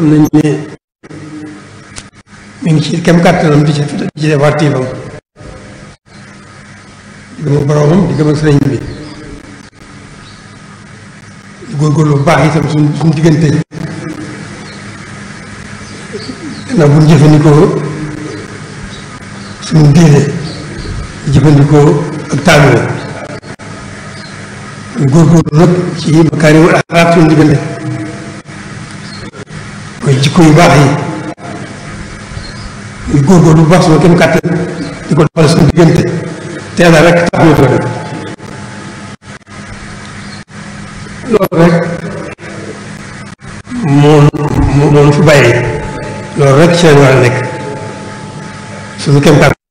xam nañ ne mi ngi ci kem kàttanam di ci di ci def di gëm boroomam di gëm ak sëriñ bi di góorgóorlu bu baax itam suñ suñ diggante gannaaw jëfandikoo suñu di jëfandikoo ak taalibe ñu góorgóorlu nag ci makaarimu axlaaq suñu diggante jikko yu baax yi ñu góorgóorlu bu baax sama kéem kàttan di ko doxale suñu diggante te yàlla rek tax ñu toog loolu rek moo moo fi bàyyi loolu rek ci lañ war nekk suñu kéem kàttan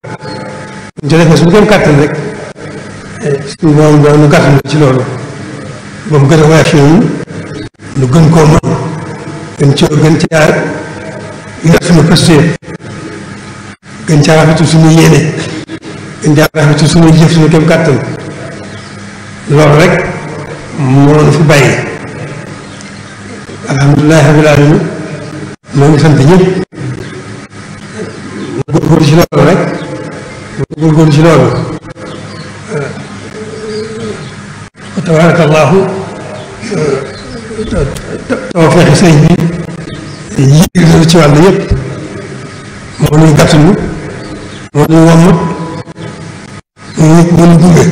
rek suñu moom gën a woyof ci ñun ñu gën koo gën cee gën caa yor suñu pëstéef gën caa rafetu suñu yéene gën caa rafetu suñu jëf suñu kéem kàttan loolu rek moo nu fi bàyyi alhamdulilah rabbil alamin moo ngi sant ñëpp góorgóorlu ci loolu rek góorgóorlu ci loolu tabaraka allahu taw fexe sëñ bi yéeg na ci wàll yëpp moo ñuy gàttanu moo ñuy wàmmut ñu ñu gunge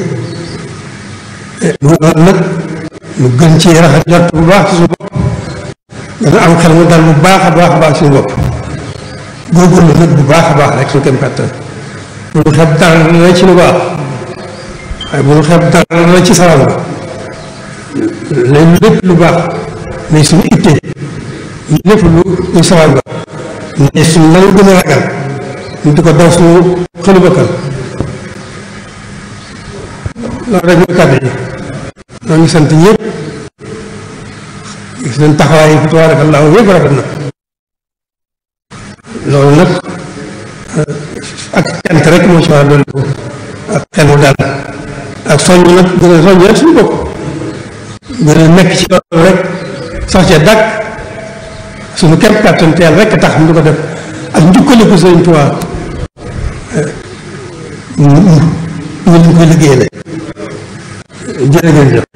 eh, lu gën ci rafet jot bu baax ci suñu bopp dana am xel mu dal bu baax a baax a baax suñu bopp góorgóorlu nag bu baax a baax rek suñu kem kàttan bu ñu xeeb dara la ci lu baax waaye bu ñu xeeb dara la ci sawar léegi lépp lu baax mais suñu ittee lépp lu lu a ko daw suñu xëlu loolu ngi sant ñëpp nañ taxawaay yi tabaarakallaahu yëpp rafet nag ak cant rek moo ci war a ak xel mu dal ak soññ nag gën a soññ rek suñu gën nekk ci loolu rek sax ca dàkk suñu kéem kàttan teel rek tax ñu ko def ak njukkaliku Sëriñ Tuubaa ñu ñu ñu koy liggéeyale jërë ngeen jëf